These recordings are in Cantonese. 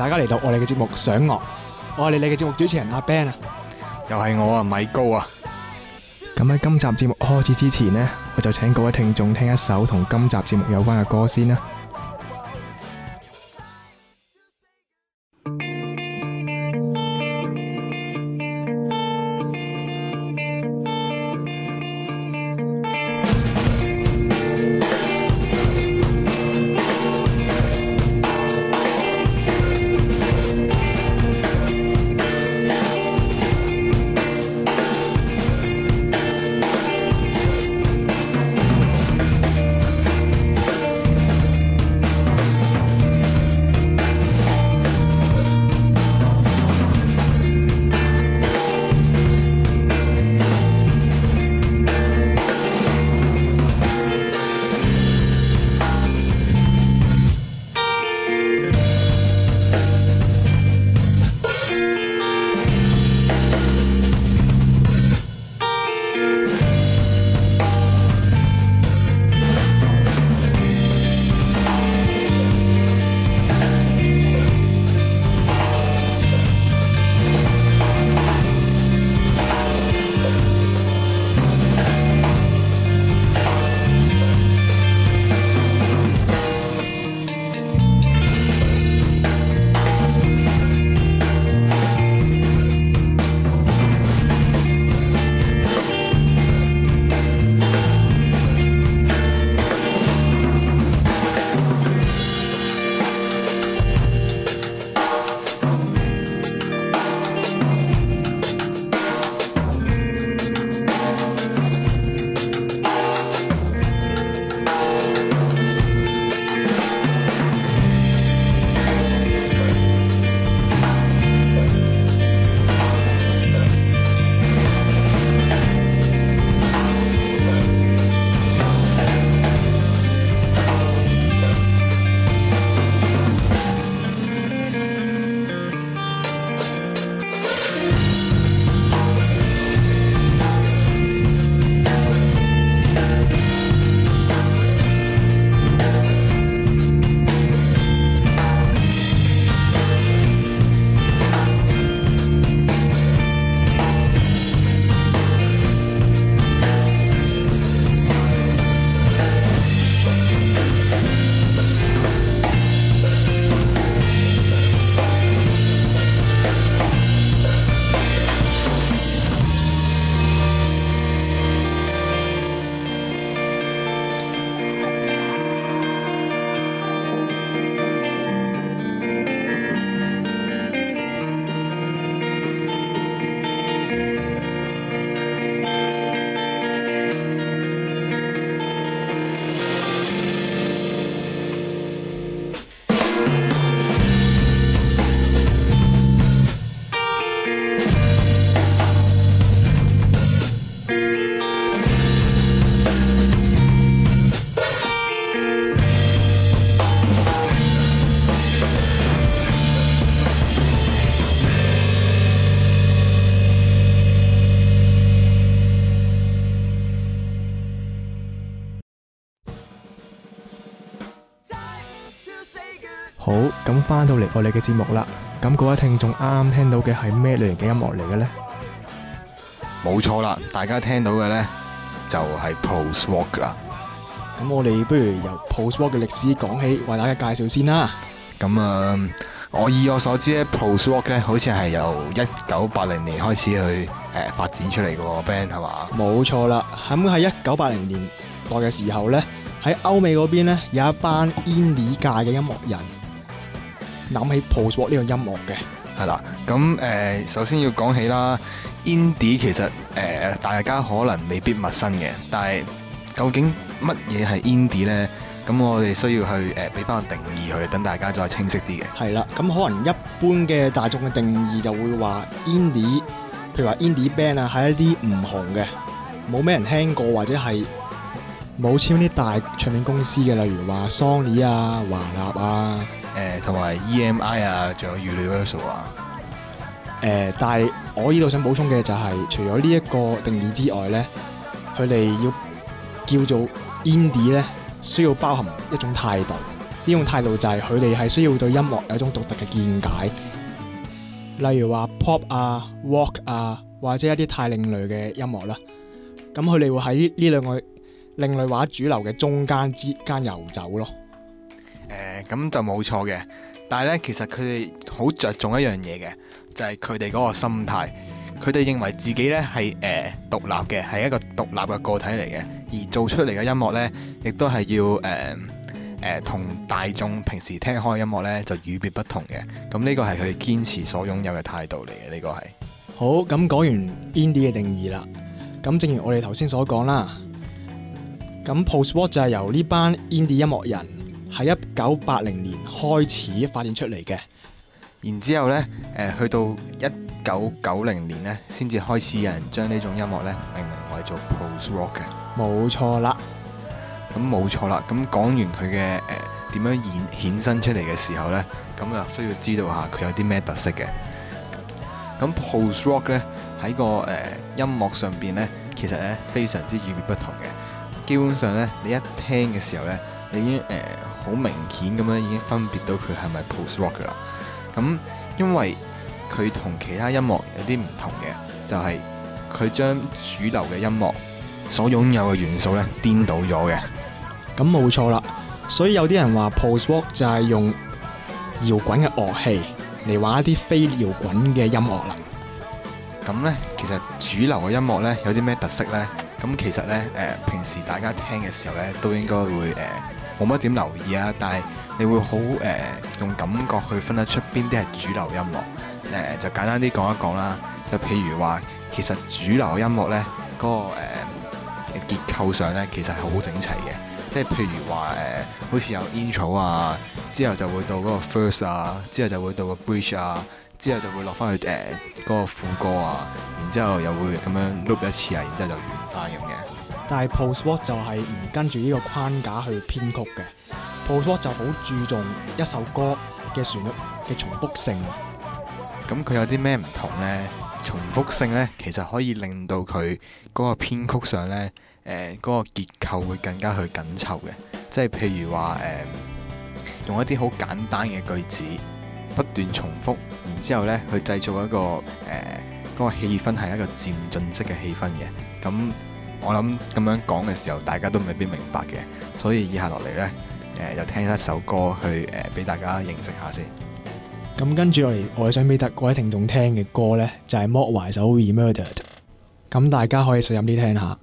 .大家嚟到我哋嘅節目賞樂，我係你哋嘅節目主持人阿 Ben 啊，又係我啊米高啊。咁喺今集節目開始之前呢，我就請各位聽眾聽一首同今集節目有關嘅歌先啦。我哋嘅節目啦，咁各位聽眾啱啱聽到嘅係咩類型嘅音樂嚟嘅呢？冇錯啦，大家聽到嘅呢就係 Post Rock 啦。咁我哋不如由 Post Rock 嘅歷史講起，為大家介紹先啦。咁啊、呃，我以我所知咧，Post Rock 咧好似係由一九八零年開始去誒、呃、發展出嚟嘅 band 係嘛？冇錯啦，咁喺一九八零年代嘅時候呢，喺歐美嗰邊呢，有一班 Indie 界嘅音樂人。諗起 post rock 呢個音樂嘅，係啦，咁誒、呃，首先要講起啦。Indie 其實誒、呃，大家可能未必陌生嘅，但係究竟乜嘢係 Indie 咧？咁我哋需要去誒，俾翻個定義佢，等大家再清晰啲嘅。係啦，咁可能一般嘅大眾嘅定義就會話 Indie，譬如話 Indie band 啊，係一啲唔紅嘅，冇咩人聽過或者係。冇簽啲大唱片公司嘅，例如話 Sony 啊、華納啊、誒同埋 EMI 啊，仲有 Universal 啊。誒、欸，但係我依度想補充嘅就係、是，除咗呢一個定義之外咧，佢哋要叫做 Indie 咧，需要包含一種態度。呢種態度就係佢哋係需要對音樂有一種獨特嘅見解，例如話 Pop 啊、Walk 啊，或者一啲太另類嘅音樂啦。咁佢哋會喺呢兩個另類話主流嘅中間之間游走咯。誒、呃，咁就冇錯嘅。但係咧，其實佢哋好着重一樣嘢嘅，就係佢哋嗰個心態。佢哋認為自己咧係誒獨立嘅，係一個獨立嘅個體嚟嘅，而做出嚟嘅音樂咧，亦都係要誒誒同大眾平時聽開嘅音樂咧就與別不同嘅。咁呢個係佢哋堅持所擁有嘅態度嚟嘅，呢、這個係好咁講完 indie 嘅定義啦。咁正如我哋頭先所講啦。咁 post rock 就係由呢班 indie 音樂人喺一九八零年開始發展出嚟嘅，然之後咧，誒，去到一九九零年呢，先至開始有人將呢種音樂呢命名為做 post rock 嘅。冇錯啦，咁冇錯啦，咁講完佢嘅誒點樣衍衍生出嚟嘅時候呢，咁啊需要知道下佢有啲咩特色嘅。咁 post rock 呢，喺個誒、呃、音樂上邊呢，其實呢非常之與別不同嘅。基本上咧，你一聽嘅時候咧，你已經誒好、呃、明顯咁樣已經分別到佢係咪 post rock 啦。咁、嗯、因為佢同其他音樂有啲唔同嘅，就係佢將主流嘅音樂所擁有嘅元素咧，顛倒咗嘅。咁冇錯啦，所以有啲人話 post rock 就係用搖滾嘅樂器嚟玩一啲非搖滾嘅音樂啦。咁咧、嗯嗯，其實主流嘅音樂咧有啲咩特色咧？咁其實呢，誒、呃、平時大家聽嘅時候呢，都應該會誒冇乜點留意啊。但係你會好誒、呃、用感覺去分得出邊啲係主流音樂誒、呃？就簡單啲講一講啦。就譬如話，其實主流音樂呢嗰、那個誒、呃、結構上呢，其實係好整齊嘅。即係譬如話誒、呃，好似有 i 草啊，之後就會到嗰個 first 啊，之後就會到個 bridge 啊，之後就會落翻去誒嗰、呃那個副歌啊，然之後又會咁樣 loop 一次啊，然之後就但係 post rock 就係唔跟住呢個框架去編曲嘅。post rock 就好注重一首歌嘅旋律嘅重複性。咁佢有啲咩唔同呢？重複性呢，其實可以令到佢嗰個編曲上呢，誒，嗰個結構會更加去緊湊嘅。即係譬如話，誒，用一啲好簡單嘅句子不斷重複，然之後咧，去製造一個誒嗰個氣氛係一個漸進式嘅氣氛嘅。咁我諗咁樣講嘅時候，大家都未必明白嘅，所以以下落嚟呢，誒、呃、又聽一首歌去誒俾、呃、大家認識下先。咁跟住我哋我想俾各位聽眾聽嘅歌呢，就係、是《Mogwai》首《Remurdered》。咁大家可以細心啲聽，聽下。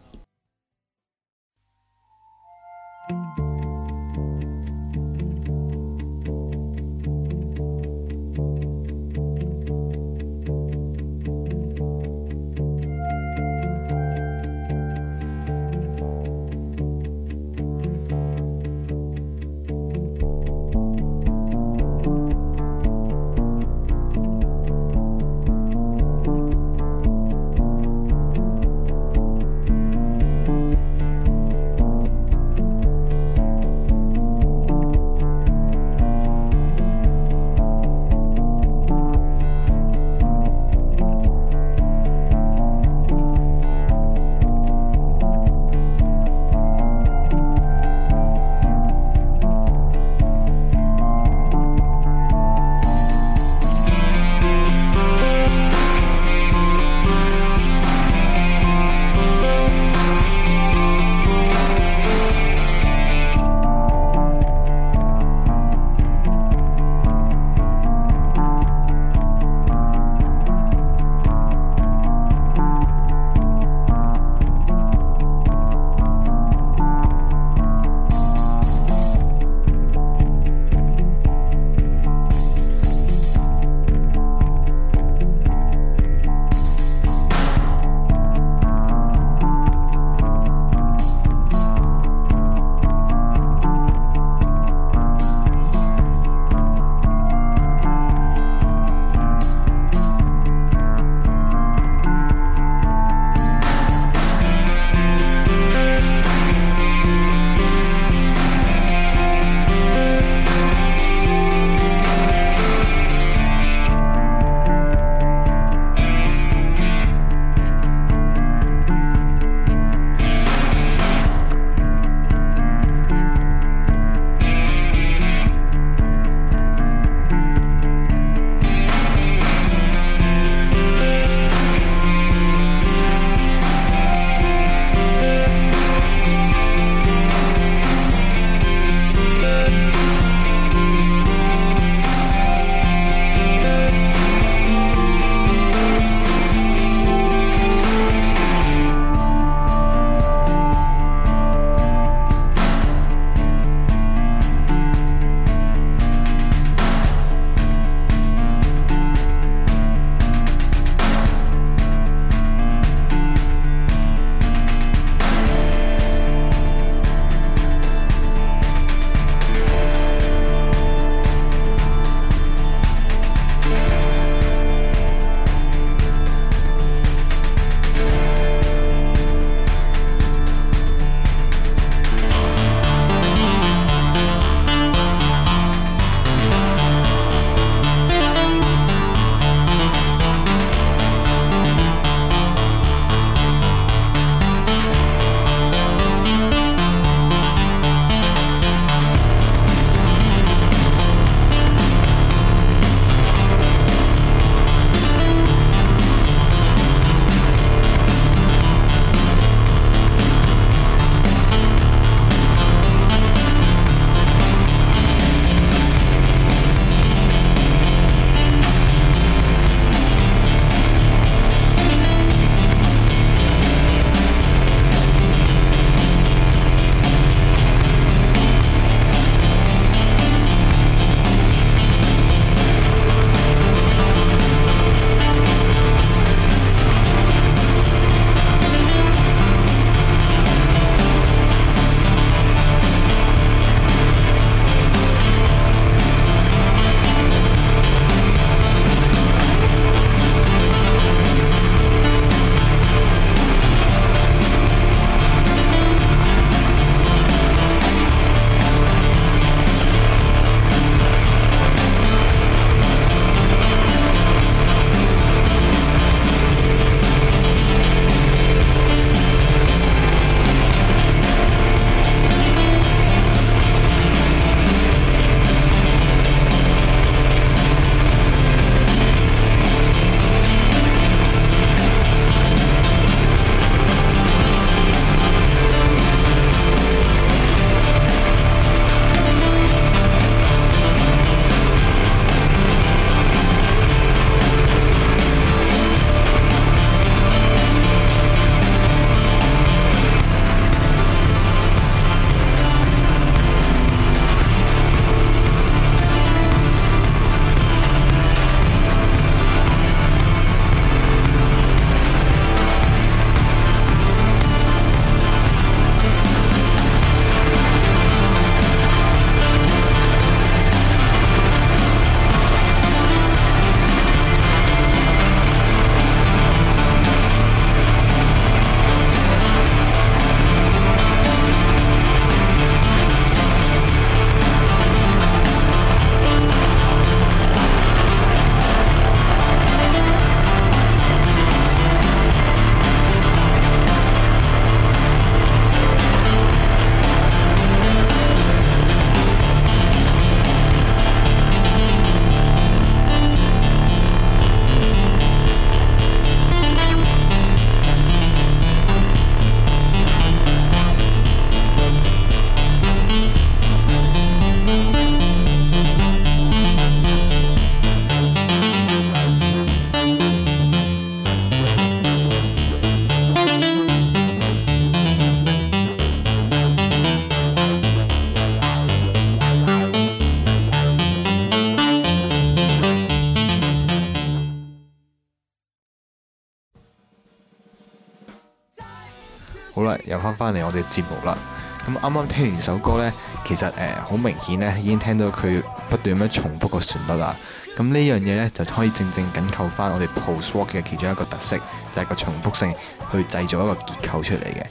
翻翻嚟我哋節目啦。咁啱啱聽完首歌呢，其實誒好、呃、明顯呢已經聽到佢不斷咁樣重複個旋律啦。咁呢樣嘢呢，就可以正正緊扣翻我哋 post rock 嘅其中一個特色，就係、是、個重複性去製造一個結構出嚟嘅。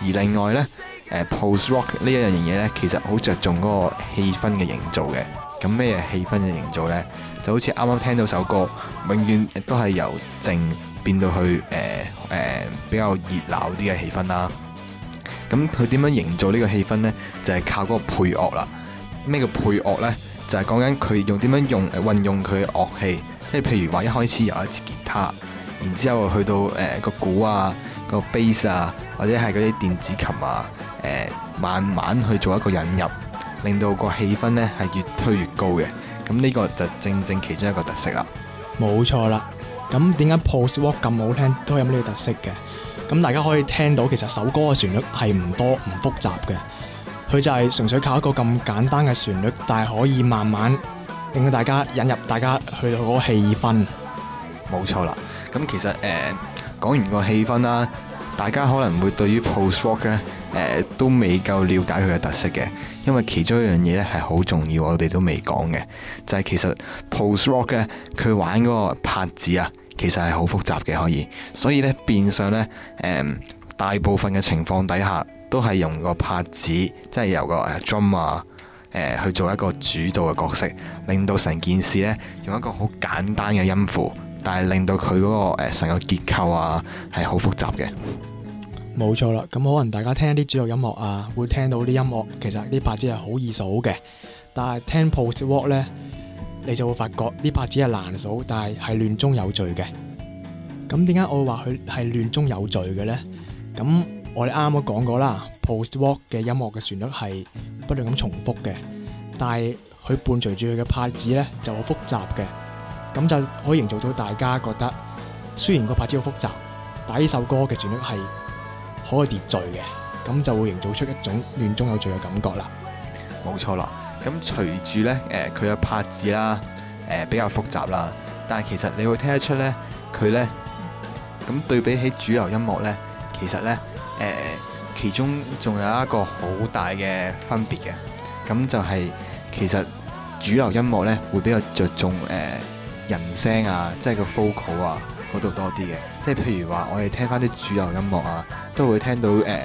而另外呢誒 post rock 呢一樣嘢呢，其實好着重嗰個氣氛嘅營造嘅。咁咩氣氛嘅營造呢？就好似啱啱聽到首歌，永遠都係由靜變到去誒誒、呃呃、比較熱鬧啲嘅氣氛啦。咁佢點樣營造呢個氣氛呢？就係、是、靠嗰個配樂啦。咩叫配樂呢？就係講緊佢用點樣用運用佢嘅樂器，即係譬如話一開始有一支吉他，然之後去到誒、呃個鼓啊、個 bass 啊，或者係嗰啲電子琴啊，誒、呃、慢慢去做一個引入，令到個氣氛呢係越推越高嘅。咁呢個就正正其中一個特色啦。冇錯啦。咁點解 post rock 咁好聽都有呢個特色嘅？咁大家可以聽到，其實首歌嘅旋律係唔多唔複雜嘅，佢就係純粹靠一個咁簡單嘅旋律，但係可以慢慢令到大家引入大家去到嗰個氣氛。冇錯啦，咁其實誒講、呃、完個氣氛啦，大家可能會對於 post rock 咧誒、呃、都未夠了解佢嘅特色嘅，因為其中一樣嘢咧係好重要，我哋都未講嘅，就係、是、其實 post rock 咧佢玩嗰個拍子啊。其實係好複雜嘅，可以，所以咧變相咧，誒、嗯、大部分嘅情況底下都係用個拍子，即係由個誒 drum 啊誒去做一個主導嘅角色，令到成件事咧用一個好簡單嘅音符，但係令到佢嗰個誒成個結構啊係好複雜嘅。冇錯啦，咁可能大家聽一啲主流音樂啊，會聽到啲音樂其實啲拍子係好易數嘅，但係聽 post rock 咧，你就會發覺呢，拍子係難數，但係係亂中有序嘅。咁點解我會話佢係亂中有序嘅呢？咁我哋啱啱講過啦，post rock 嘅音樂嘅旋律係不斷咁重複嘅，但係佢伴隨住佢嘅拍子呢就好複雜嘅。咁就可以營造到大家覺得雖然個拍子好複雜，但係呢首歌嘅旋律係可以秩序嘅，咁就會營造出一種亂中有序嘅感覺啦。冇錯啦。咁隨住咧，誒佢嘅拍子啦，誒比較複雜啦。但係其實你會聽得出咧，佢咧咁對比起主流音樂咧，其實咧誒其中仲有一個好大嘅分別嘅。咁就係其實主流音樂咧會比較着重誒人聲啊，即係個 vocal 啊嗰度多啲嘅。即係譬如話，我哋聽翻啲主流音樂啊，都會聽到誒。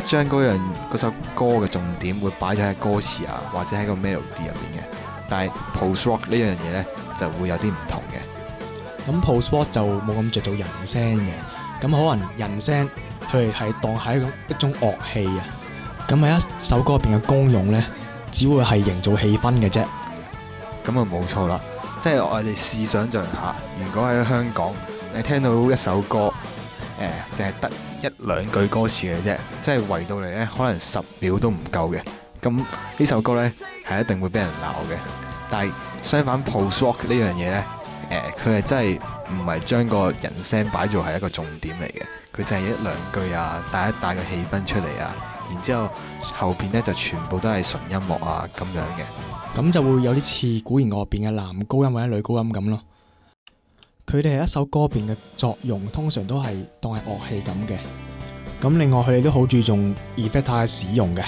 將嗰樣嗰首歌嘅重點會擺咗喺歌詞啊，或者喺個 melody 入邊嘅。但係 post rock 呢樣嘢咧就會有啲唔同嘅。咁 post rock 就冇咁着重人聲嘅。咁可能人聲佢係當係一種樂器啊。咁喺一首歌入邊嘅功用咧，只會係營造氣氛嘅啫。咁啊冇錯啦。即係我哋試想像下，如果喺香港你聽到一首歌。淨係得一兩句歌詞嘅啫，即係圍到嚟呢，可能十秒都唔夠嘅。咁呢首歌呢，係一定會俾人鬧嘅。但係相反，post rock 呢樣嘢呢，佢、呃、係真係唔係將個人聲擺做係一個重點嚟嘅。佢淨係一兩句啊，帶一帶個氣氛出嚟啊，然之後後邊咧就全部都係純音樂啊，咁樣嘅。咁就會有啲似古言外邊嘅男高音或者女高音咁咯。佢哋係一首歌入邊嘅作用，通常都係當係樂器咁嘅。咁另外，佢哋都好注重 effecter 嘅使用嘅，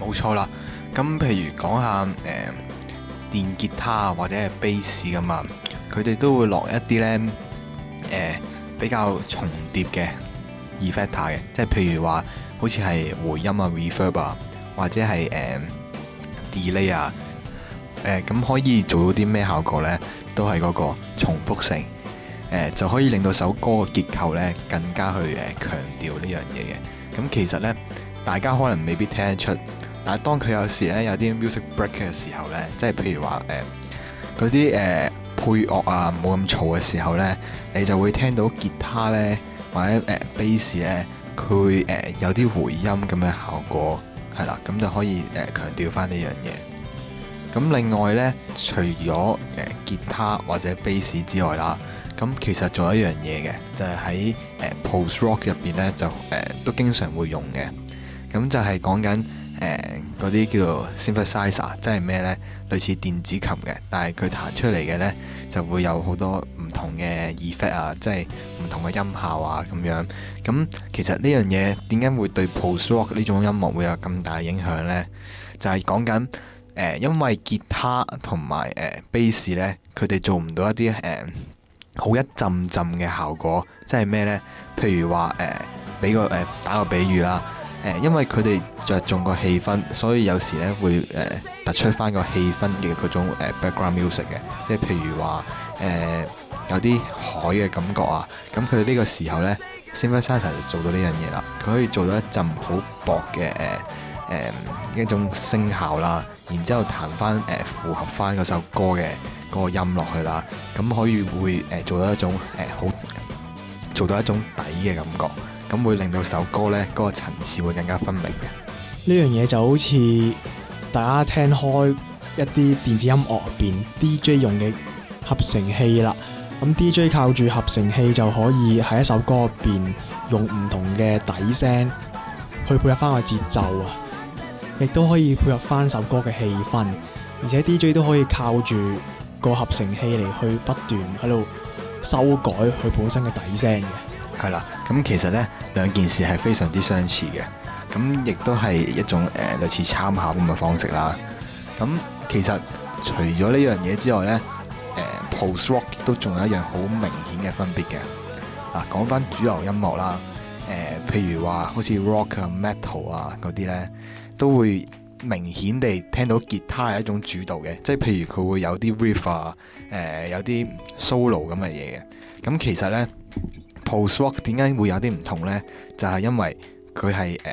冇錯啦。咁譬如講下，誒、呃、電吉他或者係 Bass 噶嘛，佢哋都會落一啲咧，誒、呃、比較重疊嘅 effecter 嘅，即係譬如話好似係回音啊、reverb、呃、啊，或者係誒 delay 啊，誒咁可以做到啲咩效果咧？都係嗰個重複性。誒、呃、就可以令到首歌嘅結構咧更加去誒、呃、強調呢樣嘢嘅。咁其實咧，大家可能未必聽得出，但係當佢有時咧有啲 music break 嘅時候咧，即係譬如話誒嗰啲誒配樂啊，冇咁嘈嘅時候咧，你就會聽到吉他咧或者誒、呃、bass 咧，佢誒、呃、有啲回音咁嘅效果係啦。咁就可以誒、呃、強調返呢樣嘢。咁另外咧，除咗誒、呃、吉他或者 bass 之外啦。咁其實做一樣嘢嘅，就係喺誒 post rock 入邊咧，就誒、呃、都經常會用嘅。咁就係講緊誒嗰啲叫做 synthesizer，即係咩咧？類似電子琴嘅，但係佢彈出嚟嘅咧就會有好多唔同嘅 effect 啊，即係唔同嘅音效啊，咁樣。咁其實呢樣嘢點解會對 post rock 呢種音樂會有咁大影響咧？就係講緊誒，因為吉他同埋誒 bass 咧，佢哋做唔到一啲誒、呃好一陣陣嘅效果，即係咩呢？譬如話誒，俾、呃、個誒、呃、打個比喻啦、呃，因為佢哋着重個氣氛，所以有時咧會誒、呃、突出翻個氣氛嘅嗰種 background music 嘅，即係譬如話誒、呃、有啲海嘅感覺啊，咁佢呢個時候呢 Single Star 就做到呢樣嘢啦，佢可以做到一陣好薄嘅誒一種聲效啦，然之後彈翻誒、呃、符合翻嗰首歌嘅嗰個音落去啦，咁可以會誒做到一種誒、呃、好做到一種底嘅感覺，咁會令到首歌呢嗰、嗰個層次會更加分明嘅。呢樣嘢就好似大家聽開一啲電子音樂入邊 DJ 用嘅合成器啦，咁 DJ 靠住合成器就可以喺一首歌入邊用唔同嘅底聲去配合翻個節奏啊。亦都可以配合翻首歌嘅氣氛，而且 DJ 都可以靠住個合成器嚟去不斷喺度修改佢本身嘅底聲嘅，係啦。咁其實呢兩件事係非常之相似嘅，咁亦都係一種誒、呃、類似參考咁嘅方式啦。咁其實除咗呢樣嘢之外呢誒、呃、post rock 都仲有一樣好明顯嘅分別嘅。嗱，講翻主流音樂啦。誒，譬如話，好似 rock 啊、metal 啊嗰啲呢，都會明顯地聽到吉他係一種主導嘅，即係譬如佢會有啲 riff 啊，誒有啲 solo 咁嘅嘢嘅。咁其實呢 post rock 點解會有啲唔同呢？就係因為佢係誒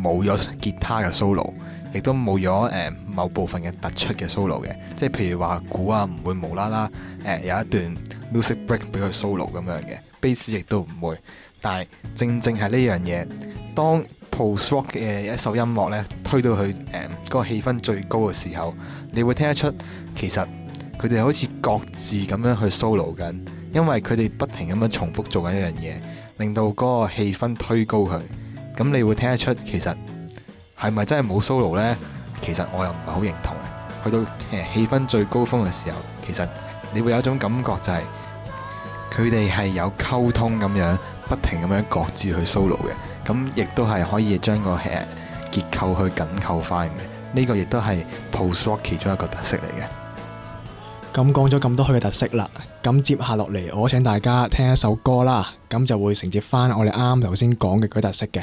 冇咗吉他嘅 solo，亦都冇咗誒某部分嘅突出嘅 solo 嘅。即係譬如話鼓啊，唔會無啦啦誒有一段 music break 俾佢 solo 咁樣嘅，bass 亦都唔會。但係正正係呢樣嘢，當 post rock 嘅一首音樂呢推到去誒嗰個氣氛最高嘅時候，你會聽得出其實佢哋好似各自咁樣去 solo 緊，因為佢哋不停咁樣重複做緊一樣嘢，令到嗰個氣氛推高佢。咁你會聽得出其實係咪真係冇 solo 呢？其實我又唔係好認同嘅。去到誒氣氛最高峰嘅時候，其實你會有一種感覺就係佢哋係有溝通咁樣。不停咁樣各自去 solo 嘅，咁亦都係可以將個 head 結構去緊扣翻嘅。呢個亦都係 post rock 其中一個特色嚟嘅。咁講咗咁多佢嘅特色啦，咁接下落嚟我請大家聽一首歌啦，咁就會承接翻我哋啱頭先講嘅佢特色嘅。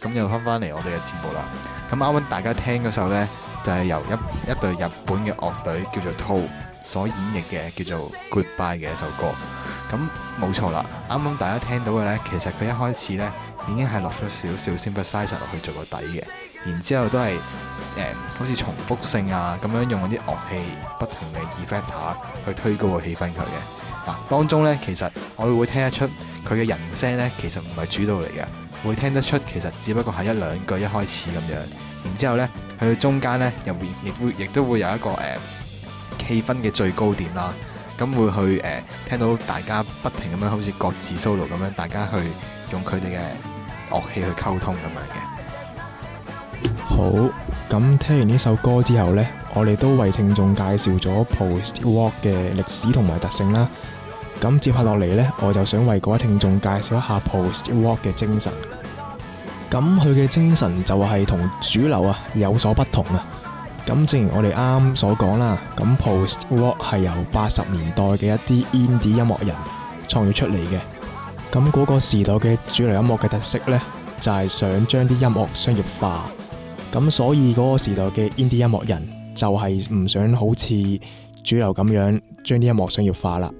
咁又翻翻嚟我哋嘅節目啦。咁啱啱大家聽嗰首呢，就係、是、由一一隊日本嘅樂隊叫做 toe 所演繹嘅，叫做 Goodbye 嘅一首歌。咁、嗯、冇錯啦，啱啱大家聽到嘅呢，其實佢一開始呢已經係落咗少少 synthesizer 落去做個底嘅，然之後都係誒好似重複性啊咁樣用嗰啲樂器不停嘅 effect、uh，去推高個氣氛佢嘅。嗱、啊，當中呢，其實我會聽得出佢嘅人聲呢，其實唔係主導嚟嘅。會聽得出，其實只不過係一兩句一開始咁樣，然之後呢，佢中間呢，入面亦會亦都會，會有一個誒、呃、氣氛嘅最高點啦。咁會去誒、呃、聽到大家不停咁樣好似各自 solo 咁樣，大家去用佢哋嘅樂器去溝通咁樣嘅。好，咁聽完呢首歌之後呢，我哋都為聽眾介紹咗 post rock 嘅歷史同埋特性啦。咁接下落嚟呢，我就想為各位聽眾介紹一下 Post-rock 嘅精神。咁佢嘅精神就係同主流啊有所不同啊。咁，正如我哋啱啱所講啦，咁 Post-rock 係由八十年代嘅一啲 Indie 音樂人創造出嚟嘅。咁嗰個時代嘅主流音樂嘅特色呢，就係、是、想將啲音樂商業化。咁所以嗰個時代嘅 Indie 音樂人就係唔想好似主流咁樣將啲音樂商業化啦。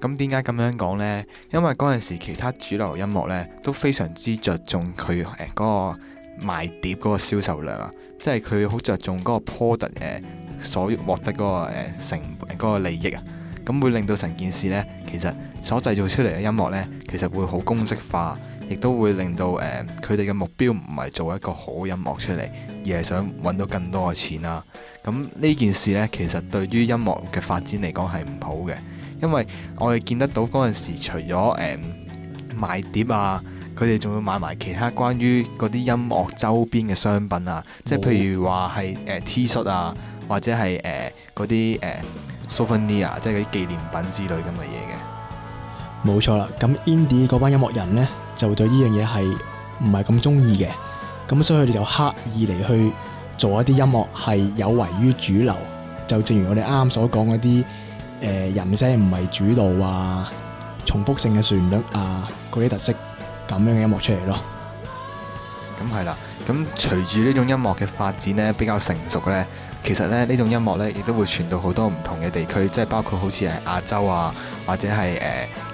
咁點解咁樣講呢？因為嗰陣時，其他主流音樂呢都非常之着重佢誒嗰個賣碟嗰個銷售量啊，即係佢好着重嗰個 product 所獲得嗰個成嗰、嗰個利益啊。咁會令到成件事呢，其實所製造出嚟嘅音樂呢，其實會好公式化，亦都會令到誒佢哋嘅目標唔係做一個好音樂出嚟，而係想揾到更多嘅錢啊。咁呢件事呢，其實對於音樂嘅發展嚟講係唔好嘅。因為我哋見得到嗰陣時除，除咗誒賣碟啊，佢哋仲會買埋其他關於嗰啲音樂周邊嘅商品啊，哦、即係譬如話係誒 T 恤啊，或者係誒嗰、呃、啲誒、呃、Souvenir，即係嗰啲紀念品之類咁嘅嘢嘅。冇錯啦，咁 Indie 嗰班音樂人咧，就會對呢樣嘢係唔係咁中意嘅，咁所以佢哋就刻意嚟去做一啲音樂係有違於主流，就正如我哋啱啱所講嗰啲。誒、呃、人聲唔係主導啊，重複性嘅旋律啊，嗰啲特色咁樣嘅音樂出嚟咯。咁係啦，咁隨住呢種音樂嘅發展呢，比較成熟呢，其實呢呢種音樂呢，亦都會傳到好多唔同嘅地區，即係包括好似係亞洲啊，或者係誒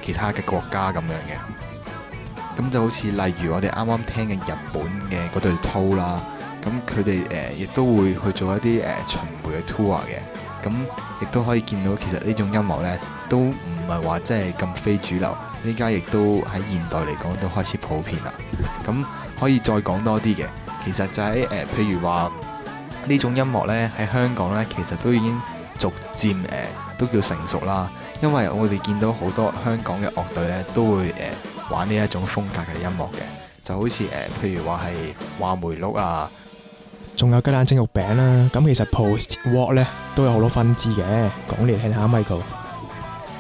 其他嘅國家咁樣嘅。咁就好似例如我哋啱啱聽嘅日本嘅嗰隊 toe 啦，咁佢哋誒亦都會去做一啲誒巡迴嘅 tour 嘅。咁亦都可以見到，其實呢種音樂呢都唔係話真係咁非主流，呢家亦都喺現代嚟講都開始普遍啦。咁可以再講多啲嘅，其實就喺誒，譬如話呢種音樂呢喺香港呢，其實都已經逐漸誒都叫成熟啦，因為我哋見到好多香港嘅樂隊呢都會誒玩呢一種風格嘅音樂嘅，就好似誒譬如話係話梅鹿啊。仲有雞蛋蒸肉餅啦、啊，咁其實 post rock 呢都有好多分支嘅，講嚟聽下 Michael，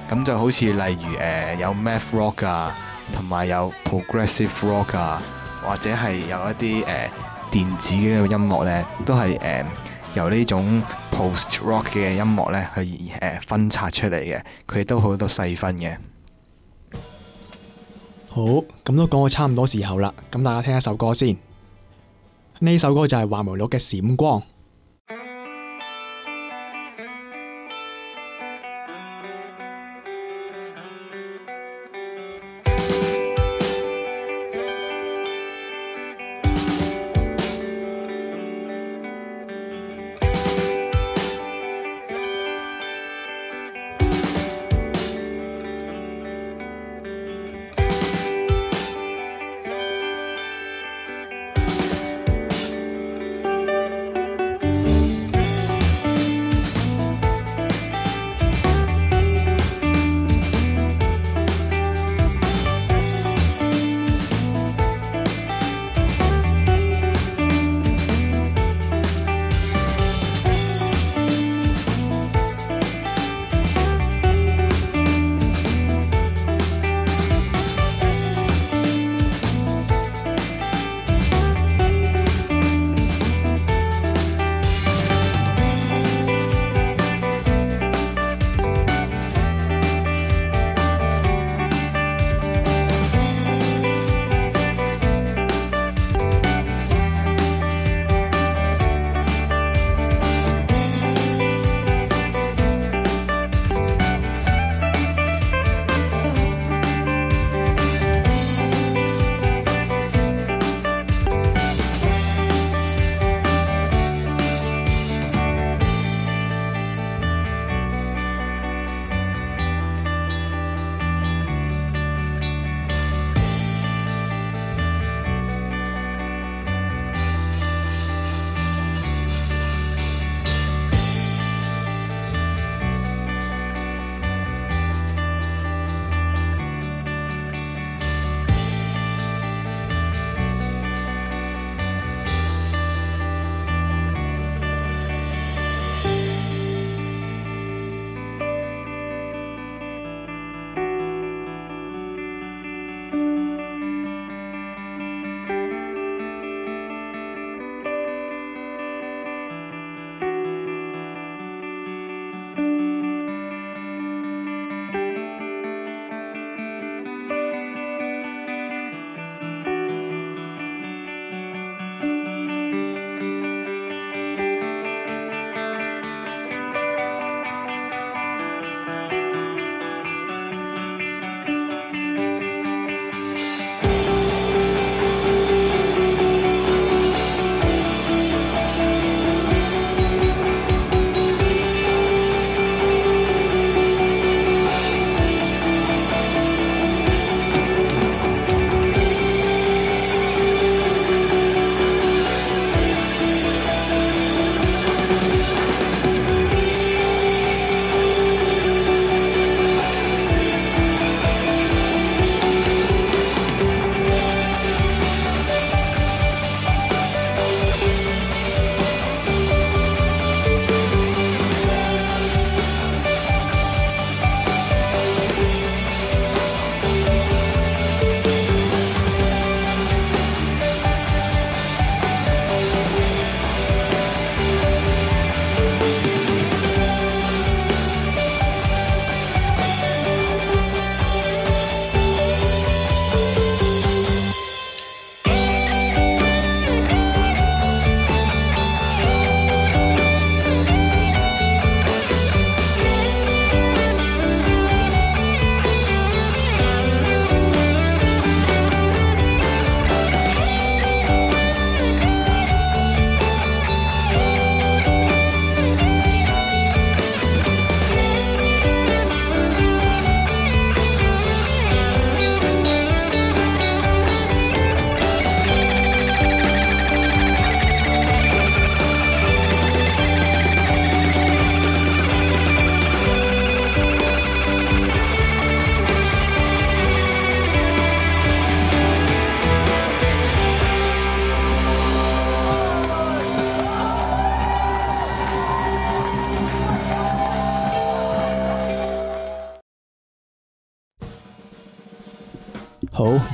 咁就好似例如誒、呃、有 math rock 啊，同埋有 progressive rock 啊，或者係有一啲誒、呃、電子嘅音樂呢，都係誒、呃、由呢種 post rock 嘅音樂呢去誒、呃、分拆出嚟嘅，佢都好多細分嘅。好，咁都講到差唔多時候啦，咁大家聽一首歌先。呢首歌就係話梅鹿嘅《閃光》。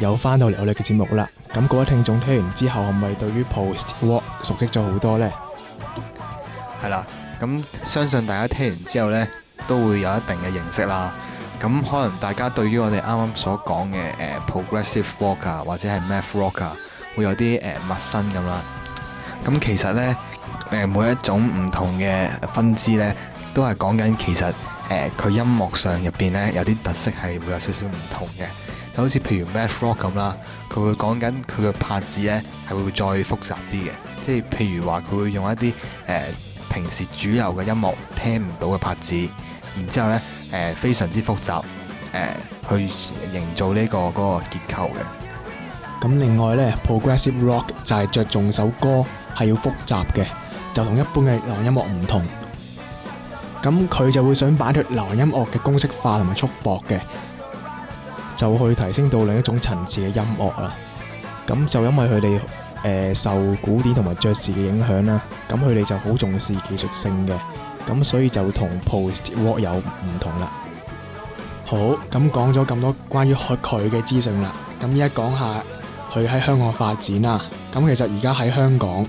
又翻到嚟我哋嘅節目啦，咁各位聽眾聽完之後，係咪對於 post rock 熟悉咗好多呢？係啦，咁相信大家聽完之後呢，都會有一定嘅認識啦。咁可能大家對於我哋啱啱所講嘅誒 progressive rock 啊，或者係 math rock 啊，會有啲誒、呃、陌生咁啦。咁其實呢，誒每一種唔同嘅分支呢，都係講緊其實誒佢、呃、音樂上入邊呢，有啲特色係會有少少唔同嘅。就好似譬如 math rock 咁啦，佢會講緊佢嘅拍子咧係會再複雜啲嘅，即係譬如話佢會用一啲誒、呃、平時主流嘅音樂聽唔到嘅拍子，然之後咧誒、呃、非常之複雜誒、呃、去營造呢、這個嗰、那個結構嘅。咁另外咧 progressive rock 就係着重首歌係要複雜嘅，就同一般嘅流行音樂唔同。咁佢就會想擺脱流行音樂嘅公式化同埋束縛嘅。就去提升到另一種層次嘅音樂啦。咁就因為佢哋誒受古典同埋爵士嘅影響啦，咁佢哋就好重視技術性嘅，咁所以就同 post rock 有唔同啦。好，咁講咗咁多關於佢嘅資訊啦，咁依家講下佢喺香港發展啦。咁其實而家喺香港，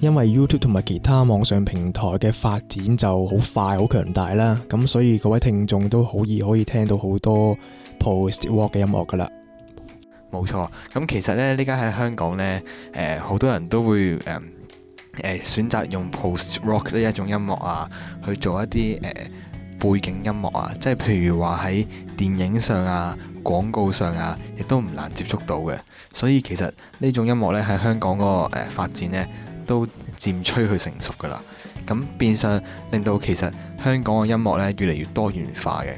因為 YouTube 同埋其他網上平台嘅發展就好快，好強大啦。咁所以各位聽眾都好易可以聽到好多。Post Rock 嘅音樂噶啦，冇錯。咁其實呢，依家喺香港呢，誒、呃、好多人都會誒誒、呃呃、選擇用 Post Rock 呢一種音樂啊，去做一啲誒、呃、背景音樂啊，即係譬如話喺電影上啊、廣告上啊，亦都唔難接觸到嘅。所以其實呢種音樂呢，喺香港嗰個誒發展呢，都漸趨去成熟噶啦。咁變相令到其實香港嘅音樂呢，越嚟越多元化嘅。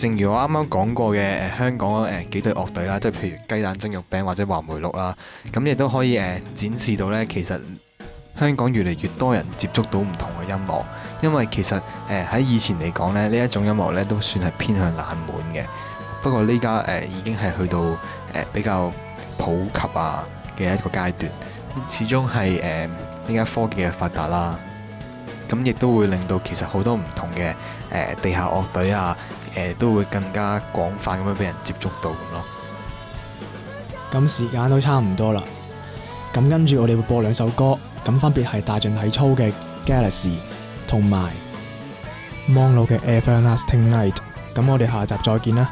正如我啱啱講過嘅，誒、呃、香港誒幾隊樂隊啦，即係譬如雞蛋蒸肉餅或者話梅鹿啦，咁亦都可以誒展示到呢。其實香港越嚟越多人接觸到唔同嘅音樂，因為其實誒喺、呃、以前嚟講呢，呢一種音樂呢都算係偏向冷門嘅。不過呢家誒已經係去到、呃、比較普及啊嘅一個階段。始終係誒依家科技嘅發達啦，咁、呃、亦都會令到其實好多唔同嘅誒、呃、地下樂隊啊。誒都會更加廣泛咁樣俾人接觸到咁咯。咁時間都差唔多啦，咁跟住我哋會播兩首歌，咁分別係大俊體操嘅 Galaxy 同埋 Mono 嘅 Everlasting Night。咁我哋下集再見啦。